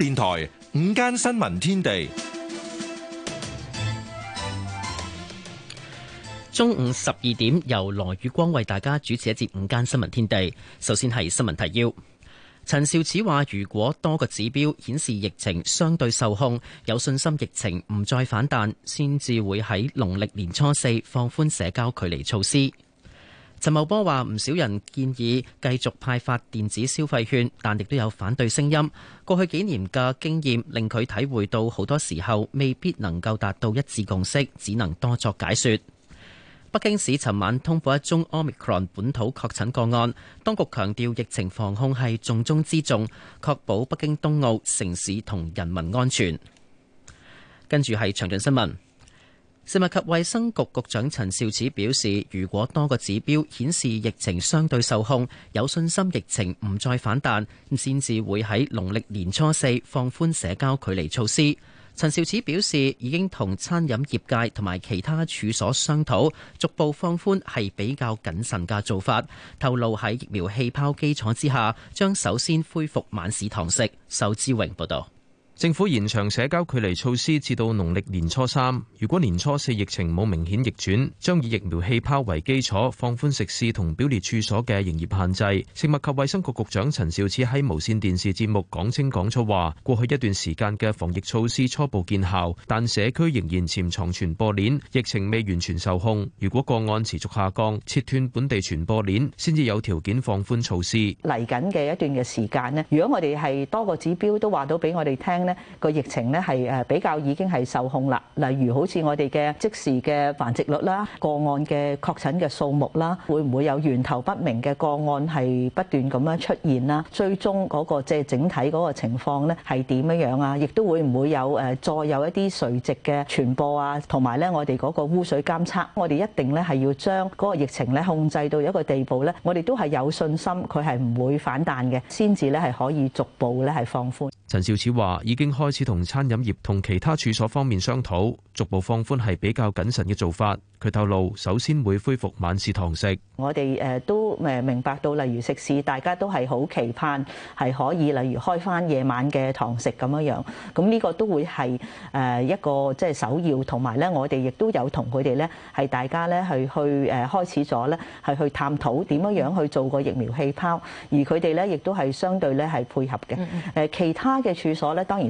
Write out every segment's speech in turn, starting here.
電台午間新聞天地，中午十二點，由羅宇光為大家主持一節午間新聞天地。首先係新聞提要，陳肇始話：如果多個指標顯示疫情相對受控，有信心疫情唔再反彈，先至會喺農曆年初四放寬社交距離措施。陳茂波話：唔少人建議繼續派發電子消費券，但亦都有反對聲音。過去幾年嘅經驗令佢體會到，好多時候未必能夠達到一致共識，只能多作解說。北京市尋晚通報一宗 Omicron 本土確診個案，當局強調疫情防控係重中之重，確保北京冬奧城市同人民安全。跟住係詳盡新聞。食物及衛生局局長陳肇始表示，如果多個指標顯示疫情相對受控，有信心疫情唔再反彈，先至會喺農曆年初四放寬社交距離措施。陳肇始表示，已經同餐飲業界同埋其他處所商討，逐步放寬係比較謹慎嘅做法。透露喺疫苗氣泡基礎之下，將首先恢復晚市堂食。仇志榮報道。政府延長社交距離措施至到農曆年初三。如果年初四疫情冇明顯逆轉，將以疫苗氣泡為基礎放寬食肆同表列處所嘅營業限制。食物及衛生局局長陳肇始喺無線電視節目講清講楚話：過去一段時間嘅防疫措施初步見效，但社區仍然潛藏傳播鏈，疫情未完全受控。如果個案持續下降，切斷本地傳播鏈，先至有條件放寬措施。嚟緊嘅一段嘅時間咧，如果我哋係多個指標都話到俾我哋聽咧。個疫情咧係誒比較已經係受控啦，例如好似我哋嘅即時嘅繁殖率啦、個案嘅確診嘅數目啦，會唔會有源頭不明嘅個案係不斷咁樣出現啦？最終嗰個即係整體嗰個情況咧係點樣樣啊？亦都會唔會有誒再有一啲垂直嘅傳播啊？同埋咧，我哋嗰個污水監測，我哋一定咧係要將嗰個疫情咧控制到一個地步咧，我哋都係有信心佢係唔會反彈嘅，先至咧係可以逐步咧係放寬。陳肇始話：已經開始同餐飲業同其他處所方面商討逐步放寬，係比較謹慎嘅做法。佢透露，首先會恢復晚市堂食。我哋誒都誒明白到，例如食肆，大家都係好期盼係可以，例如開翻夜晚嘅堂食咁樣樣，咁呢個都會係誒一個即係、就是、首要，同埋咧，我哋亦都有同佢哋咧係大家咧去去誒開始咗咧係去探討點樣樣去做個疫苗氣泡，而佢哋咧亦都係相對咧係配合嘅。誒其他嘅處所咧，當然。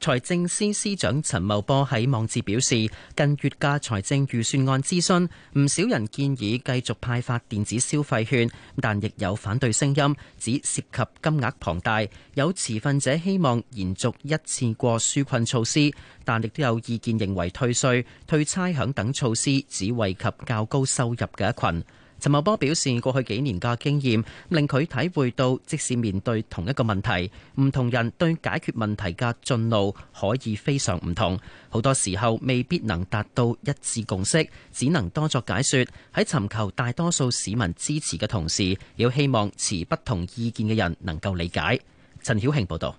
財政司司長陳茂波喺網誌表示，近月架財政預算案諮詢，唔少人建議繼續派發電子消費券，但亦有反對聲音，指涉及金額龐大。有持份者希望延續一次過紓困措施，但亦都有意見認為退稅、退差餉等措施只惠及較高收入嘅一群。陳茂波表示，過去幾年嘅經驗令佢體會到，即使面對同一個問題，唔同人對解決問題嘅進路可以非常唔同，好多時候未必能達到一致共識，只能多作解說。喺尋求大多數市民支持嘅同時，也有希望持不同意見嘅人能夠理解。陳曉慶報道。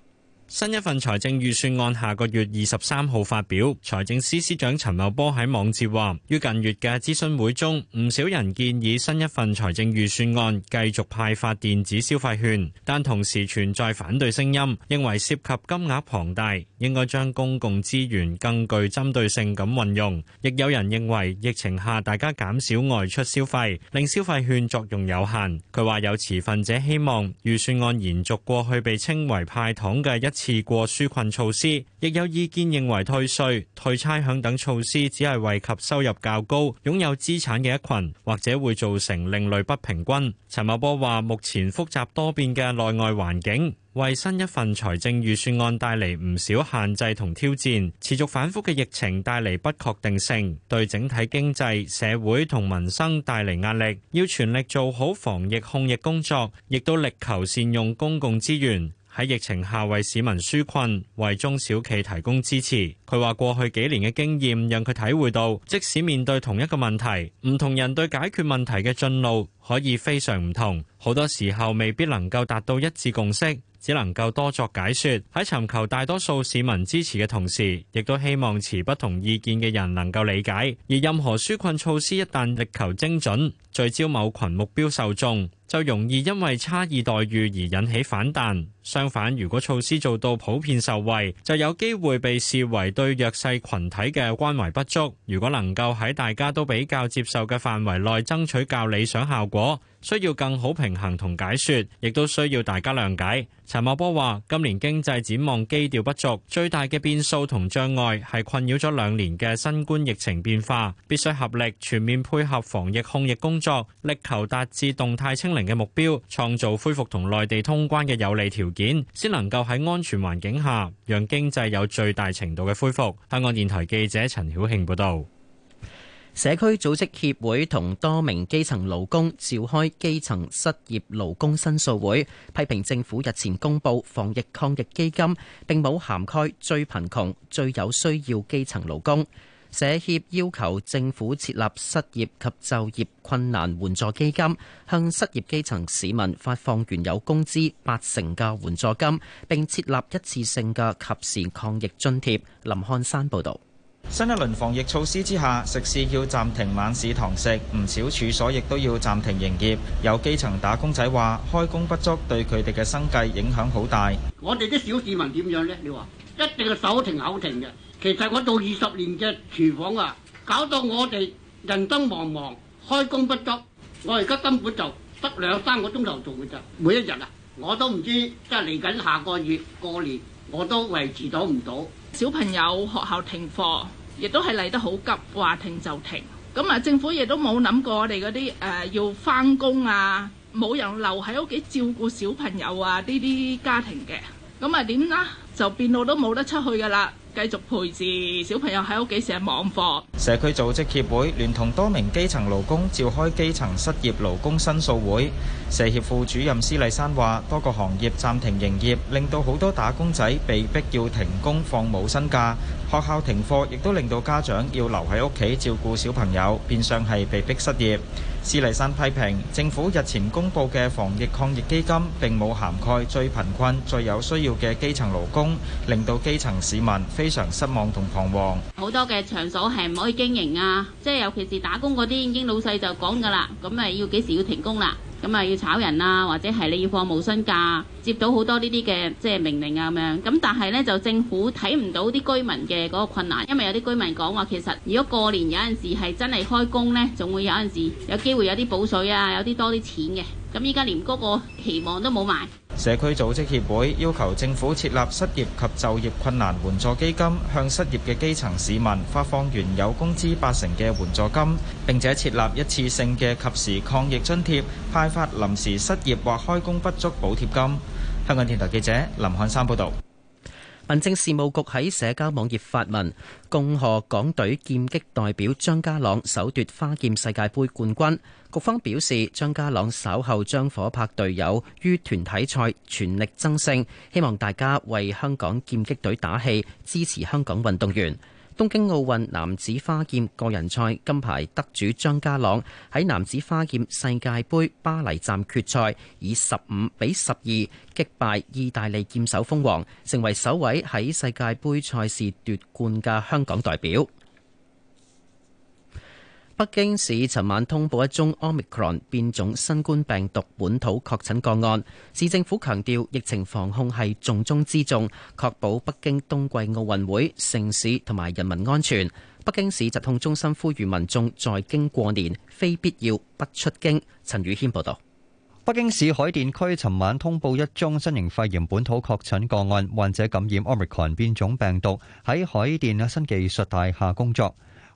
新一份財政預算案下個月二十三號發表，財政司司長陳茂波喺網誌話：於近月嘅諮詢會中，唔少人建議新一份財政預算案繼續派發電子消費券，但同時存在反對聲音，認為涉及金額龐大，應該將公共資源更具針對性咁運用。亦有人認為疫情下大家減少外出消費，令消費券作用有限。佢話有持份者希望預算案延續過去被稱為派糖嘅一。次過紓困措施，亦有意見認為退稅、退差餉等措施只係惠及收入較高、擁有資產嘅一群，或者會造成另類不平均。陳茂波話：目前複雜多變嘅內外環境，為新一份財政預算案帶嚟唔少限制同挑戰。持續反覆嘅疫情帶嚟不確定性，對整體經濟、社會同民生帶嚟壓力。要全力做好防疫控疫工作，亦都力求善用公共資源。喺疫情下為市民紓困，為中小企提供支持。佢話過去幾年嘅經驗讓佢體會到，即使面對同一個問題，唔同人對解決問題嘅進路可以非常唔同，好多時候未必能夠達到一致共識，只能夠多作解說，喺尋求大多數市民支持嘅同時，亦都希望持不同意見嘅人能夠理解。而任何紓困措施，一旦力求精準。聚焦某群目標受眾，就容易因為差異待遇而引起反彈。相反，如果措施做到普遍受惠，就有機會被視為對弱勢群體嘅關懷不足。如果能夠喺大家都比較接受嘅範圍內爭取較理想效果，需要更好平衡同解説，亦都需要大家諒解。陳茂波話：今年經濟展望基調不足，最大嘅變數同障礙係困擾咗兩年嘅新冠疫情變化，必須合力全面配合防疫控疫工作力求達至動態清零嘅目標，創造恢復同內地通關嘅有利條件，先能夠喺安全環境下，讓經濟有最大程度嘅恢復。香港電台記者陳曉慶報道，社區組織協會同多名基層勞工召開基層失業勞工申訴會，批評政府日前公佈防疫抗疫基金並冇涵蓋最貧窮、最有需要基層勞工。社協要求政府設立失業及就業困難援助基金，向失業基層市民發放原有工資八成嘅援助金，並設立一次性嘅及時抗疫津貼。林漢山報導。新一輪防疫措施之下，食肆要暫停晚市堂食，唔少處所亦都要暫停營業。有基層打工仔話：開工不足對佢哋嘅生計影響好大。我哋啲小市民點樣呢？你話？一定係手停口停嘅。其實我做二十年嘅廚房啊，搞到我哋人生茫茫，開工不足。我而家根本就得兩三個鐘頭做嘅咋。每一日啊，我都唔知即係嚟緊下個月過年，我都維持到唔到？小朋友學校停課，亦都係嚟得好急，話停就停。咁、呃、啊，政府亦都冇諗過我哋嗰啲誒要返工啊，冇人留喺屋企照顧小朋友啊呢啲家庭嘅。咁啊，點啦？就變到都冇得出去噶啦，繼續陪住小朋友喺屋企上網課。社區組織協會聯同多名基層勞工，召開基層失業勞工申訴會。社協副主任施麗珊話，多個行業暫停營業，令到好多打工仔被逼要停工放冇薪假。學校停課，亦都令到家長要留喺屋企照顧小朋友，變相係被逼失業。施麗珊批評政府日前公布嘅防疫抗疫基金，並冇涵蓋最貧困、最有需要嘅基層勞工，令到基層市民非常失望同彷徨。好多嘅場所係唔可以經營啊，即係尤其是打工嗰啲，已經老細就講噶啦，咁咪要幾時要停工啦。咁啊，要炒人啊，或者係你要放無薪假，接到好多呢啲嘅即係命令啊咁樣。咁但係呢，就政府睇唔到啲居民嘅嗰個困難，因為有啲居民講話，其實如果過年有陣時係真係開工呢，仲會有陣時有機會有啲補水啊，有啲多啲錢嘅。咁依家連嗰個期望都冇埋。社區組織協會要求政府設立失業及就業困難援助基金，向失業嘅基層市民發放原有工資八成嘅援助金，並且設立一次性嘅及時抗疫津貼，派發臨時失業或開工不足補貼金。香港電台記者林漢山報道。民政事務局喺社交網頁發文，恭賀港隊劍擊代表張家朗首奪花劍世界杯冠軍。局方表示，張家朗稍後將夥拍隊友於團體賽全力爭勝，希望大家為香港劍擊隊打氣，支持香港運動員。東京奧運男子花劍個人賽金牌得主張家朗喺男子花劍世界杯巴黎站決賽以十五比十二擊敗意大利劍手鋒王，成為首位喺世界杯賽事奪冠嘅香港代表。北京市尋晚通報一宗 Omicron 變種新冠病毒本土確診個案，市政府強調疫情防控係重中之重，確保北京冬季奧運會、城市同埋人民安全。北京市疾控中心呼籲民眾在京過年，非必要不出京。陳宇軒報道。北京市海淀區尋晚通報一宗新型肺炎本土確診個案，患者感染 Omicron 變種病毒，喺海淀嘅新技術大廈工作。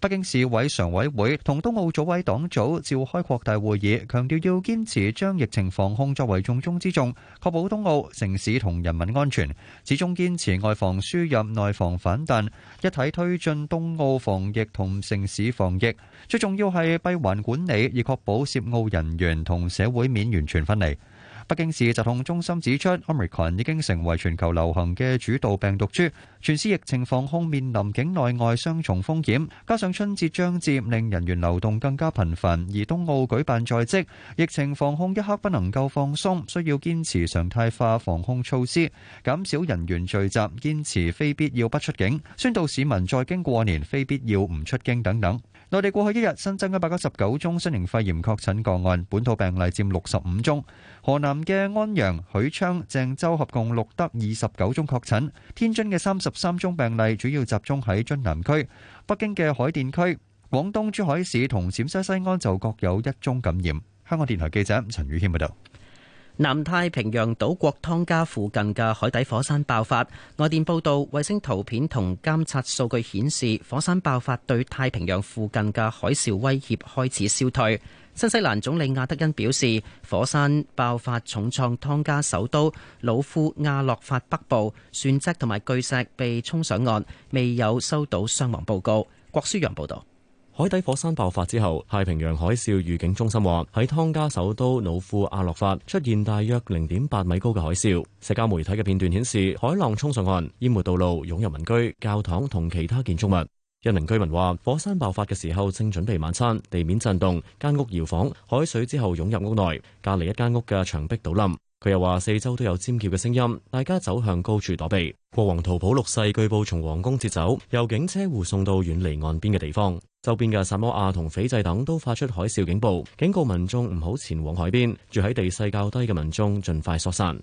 北京市委常委會同冬奧組委黨組召開擴大會議，強調要堅持將疫情防控作為重中之重，確保冬奧城市同人民安全。始終堅持外防輸入、內防反彈，一體推進冬奧防疫同城市防疫。最重要係閉環管理，以確保涉奧人員同社會面完全分離。北京市疾控中心指出，奧密克戎已經成為全球流行嘅主導病毒株，全市疫情防控面臨境內外雙重風險。加上春節將至，令人員流動更加頻繁，而冬奧舉辦在即，疫情防控一刻不能夠放鬆，需要堅持常態化防控措施，減少人員聚集，堅持非必要不出境，宣導市民在京過年非必要唔出京等等。內地過去一日新增一百九十九宗新型肺炎確診個案，本土病例佔六十五宗，河南嘅安陽、許昌、鄭州合共錄得二十九宗確診，天津嘅三十三宗病例主要集中喺津南區，北京嘅海澱區，廣東珠海市同陝西西安就各有一宗感染。香港電台記者陳宇謙報道。南太平洋島國湯加附近嘅海底火山爆發，外電報道，衛星圖片同監測數據顯示，火山爆發對太平洋附近嘅海嘯威脅開始消退。新西蘭總理亞德恩表示，火山爆發重創湯加首都努庫阿洛法北部，船隻同埋巨石被衝上岸，未有收到傷亡報告。郭書洋報道，海底火山爆發之後，太平洋海嘯預警中心話喺湯加首都努庫阿洛法出現大約零點八米高嘅海嘯。社交媒體嘅片段顯示，海浪衝上岸，淹沒道路，湧入民居、教堂同其他建築物。一名居民話：火山爆發嘅時候，正準備晚餐，地面震動，間屋搖晃，海水之後湧入屋內，隔籬一間屋嘅牆壁倒冧。佢又話四周都有尖叫嘅聲音，大家走向高處躲避。國王圖普六世據報從皇宮撤走，由警車護送到遠離岸邊嘅地方。周邊嘅薩摩亞同斐濟等都發出海嘯警報，警告民眾唔好前往海邊，住喺地勢較低嘅民眾盡快疏散。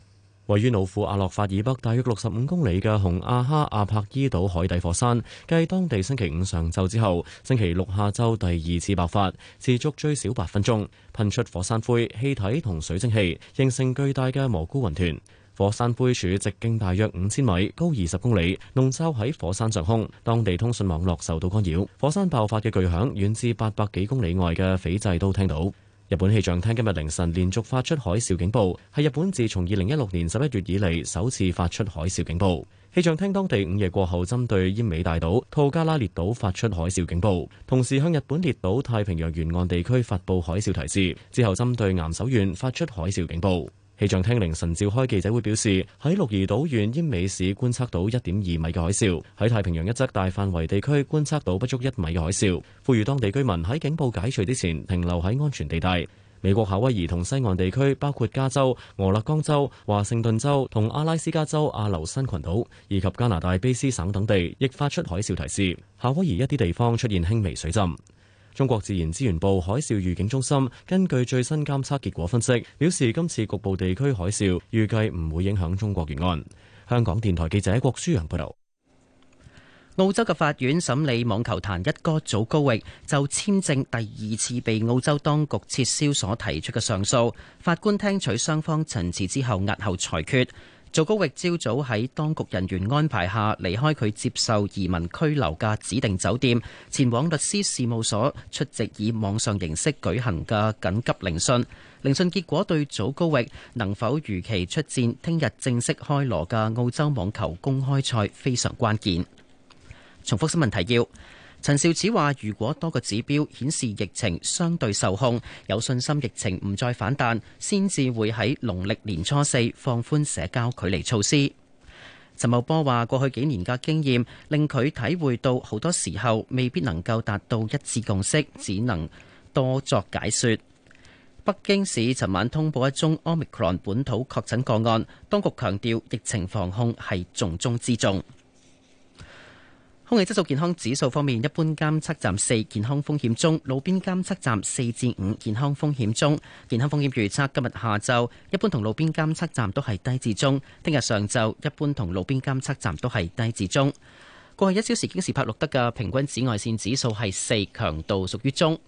位於老庫阿洛法以北大約六十五公里嘅洪阿哈阿帕伊島海底火山，繼當地星期五上晝之後，星期六下晝第二次爆發，持續最少八分鐘，噴出火山灰、氣體同水蒸氣，形成巨大嘅蘑菇雲團。火山灰柱直徑大約五千米，高二十公里，籠罩喺火山上空。當地通訊網絡受到干擾，火山爆發嘅巨響遠至八百幾公里外嘅斐濟都聽到。日本氣象廳今日凌晨連續發出海嘯警報，係日本自從二零一六年十一月以嚟首次發出海嘯警報。氣象廳當地午夜過後，針對奄美大島、吐加拉列島發出海嘯警報，同時向日本列島太平洋沿岸地區發佈海嘯提示。之後針對岩手縣發出海嘯警報。氣象廳凌晨召開記者會表示，喺鹿兒島縣英美市觀察到一點二米嘅海嘯，喺太平洋一側大範圍地區觀察到不足一米嘅海嘯，呼籲當地居民喺警報解除之前停留喺安全地帶。美國夏威夷同西岸地區，包括加州、俄勒岡州、華盛頓州同阿拉斯加州阿留申群島以及加拿大卑詩省等地，亦發出海嘯提示。夏威夷一啲地方出現輕微水浸。中國自然資源部海嘯預警中心根據最新監測結果分析，表示今次局部地區海嘯預計唔會影響中國沿岸。香港電台記者郭舒陽報道。澳洲嘅法院審理網球壇一哥祖高域就簽證第二次被澳洲當局撤銷所提出嘅上訴，法官聽取雙方陳詞之後押後裁決。祖高域朝早喺當局人員安排下離開佢接受移民拘留嘅指定酒店，前往律師事務所出席以網上形式舉行嘅緊急聆訊。聆訊結果對祖高域能否如期出戰聽日正式開鑼嘅澳洲網球公開賽非常關鍵。重複新聞提要。陳肇始話：如果多個指標顯示疫情相對受控，有信心疫情唔再反彈，先至會喺農曆年初四放寬社交距離措施。陳茂波話：過去幾年嘅經驗令佢體會到，好多時候未必能夠達到一致共識，只能多作解說。北京市尋晚通報一宗 Omicron 本土確診個案，當局強調疫情防控係重中之重。空氣質素健康指數方面，一般監測站四健康風險中，路邊監測站四至五健康風險中。健康風險預測今日下晝一般同路邊監測站都係低至中，聽日上晝一般同路邊監測站都係低至中。過去一小時京士柏錄得嘅平均紫外線指數係四，強度屬於中。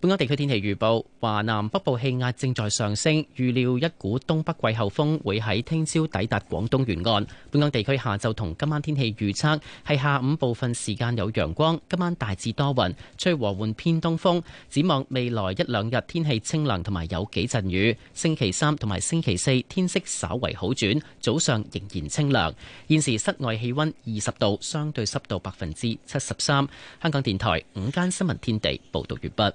本港地區天氣預報：華南北部氣壓正在上升，預料一股東北季候風會喺聽朝抵達廣東沿岸。本港地區下晝同今晚天氣預測係下午部分時間有陽光，今晚大致多雲，吹和緩偏東風。展望未來一兩日天氣清涼同埋有幾陣雨。星期三同埋星期四天色稍為好轉，早上仍然清涼。現時室外氣溫二十度，相對濕度百分之七十三。香港電台午間新聞天地報道完畢。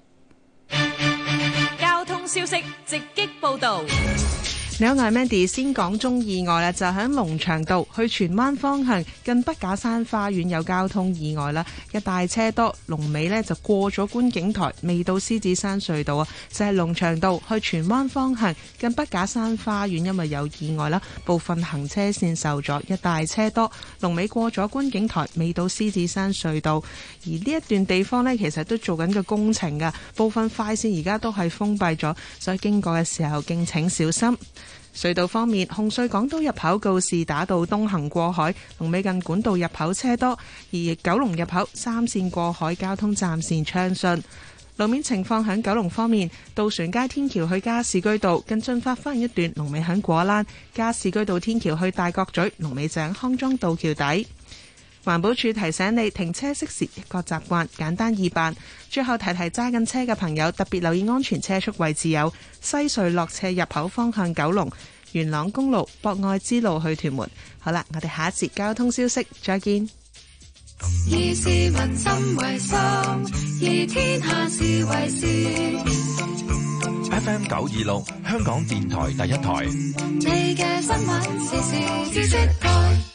消息直擊報道。Yes. 你好，我係 Mandy。先講中意外啦，就喺、是、龍翔道去荃灣方向，近北假山花園有交通意外啦。一大車多，龍尾呢就過咗觀景台，未到獅子山隧道啊，就係、是、龍翔道去荃灣方向，近北假山花園，因為有意外啦，部分行車線受阻。一大車多，龍尾過咗觀景台，未到獅子山隧道。而呢一段地方呢，其實都做緊個工程噶，部分快線而家都係封閉咗，所以經過嘅時候敬請小心。隧道方面，紅隧港島入口告士打道東行過海，龍尾近管道入口車多；而九龍入口三線過海交通暫時暢順。路面情況響九龍方面，渡船街天橋去加士居道近進化花園一段龍尾響果欄，加士居道天橋去大角咀龍尾井康莊道橋底。環保署提醒你停車熄匙，一個習慣，簡單易辦。最後提提揸緊車嘅朋友，特別留意安全車速位置，有西隧落斜入口方向九龍，九龍元朗公路博愛之路去屯門。好啦，我哋下一節交通消息再見。以市民心為心，以天下事為先。F M 九二六香港電台第一台。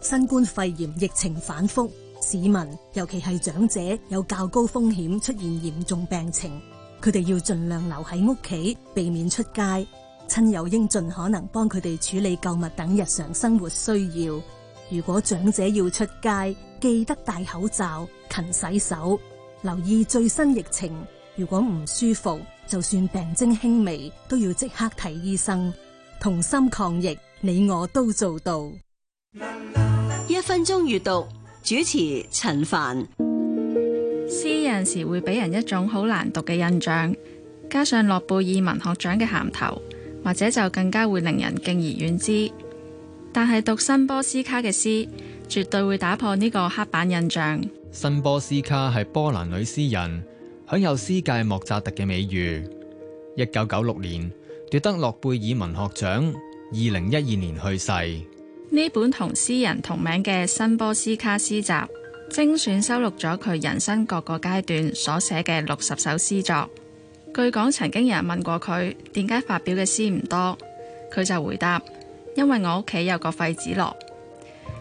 新冠肺炎疫情反覆，市民尤其係長者有較高風險出現嚴重病情，佢哋要盡量留喺屋企，避免出街。親友應盡可能幫佢哋處理購物等日常生活需要。如果長者要出街，記得戴口罩、勤洗手，留意最新疫情。如果唔舒服，就算病徵輕微，都要即刻睇醫生。同心抗疫，你我都做到。分鐘閱讀，主持陳凡，詩有時會俾人一種好難讀嘅印象，加上諾貝爾文學獎嘅銜頭，或者就更加會令人敬而遠之。但係讀新波斯卡嘅詩，絕對會打破呢個刻板印象。新波斯卡係波蘭女詩人，享有詩界莫扎特嘅美譽。一九九六年奪得諾貝爾文學獎，二零一二年去世。呢本同詩人同名嘅《新波斯卡詩集》，精選收錄咗佢人生各個階段所寫嘅六十首詩作。據講，曾經有人問過佢，點解發表嘅詩唔多？佢就回答：因為我屋企有個廢紙籮。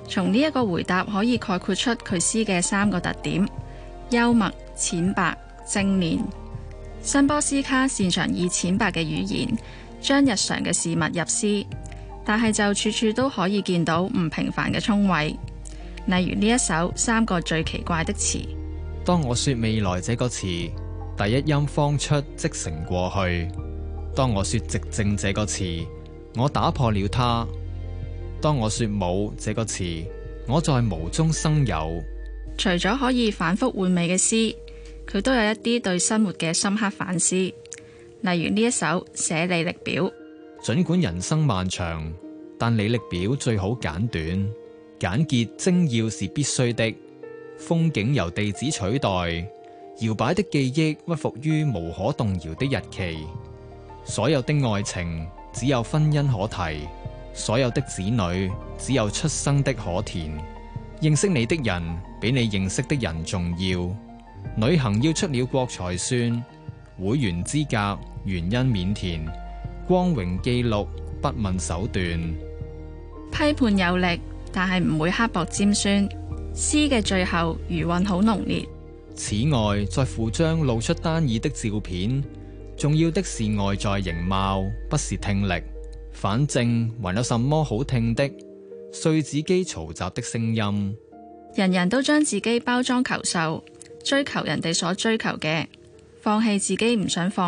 從呢一個回答可以概括出佢詩嘅三個特點：幽默、淺白、精煉。新波斯卡擅長以淺白嘅語言，將日常嘅事物入詩。但係就處處都可以見到唔平凡嘅聰慧。例如呢一首三個最奇怪的詞。當我說未來這個詞，第一音方出即成過去；當我說寂靜這個詞，我打破了它；當我說冇這個詞，我在無中生有。除咗可以反覆回味嘅詩，佢都有一啲對生活嘅深刻反思，例如呢一首寫履歷表。盡管人生漫長，但履歷表最好簡短。簡潔、精要是必須的。風景由地址取代，搖擺的記憶屈服於無可動搖的日期。所有的愛情只有婚姻可提，所有的子女只有出生的可填。認識你的人比你認識的人重要。旅行要出了國才算。會員資格原因免填。光榮記錄，不問手段。批判有力，但係唔會刻薄尖酸。詩嘅最後，餘韻好濃烈。此外，再附張露出單耳的照片。重要的是外在形貌，不是聽力。反正還有什麼好聽的？碎紙機嘈雜的聲音。人人都將自己包裝求受，追求人哋所追求嘅，放棄自己唔想放。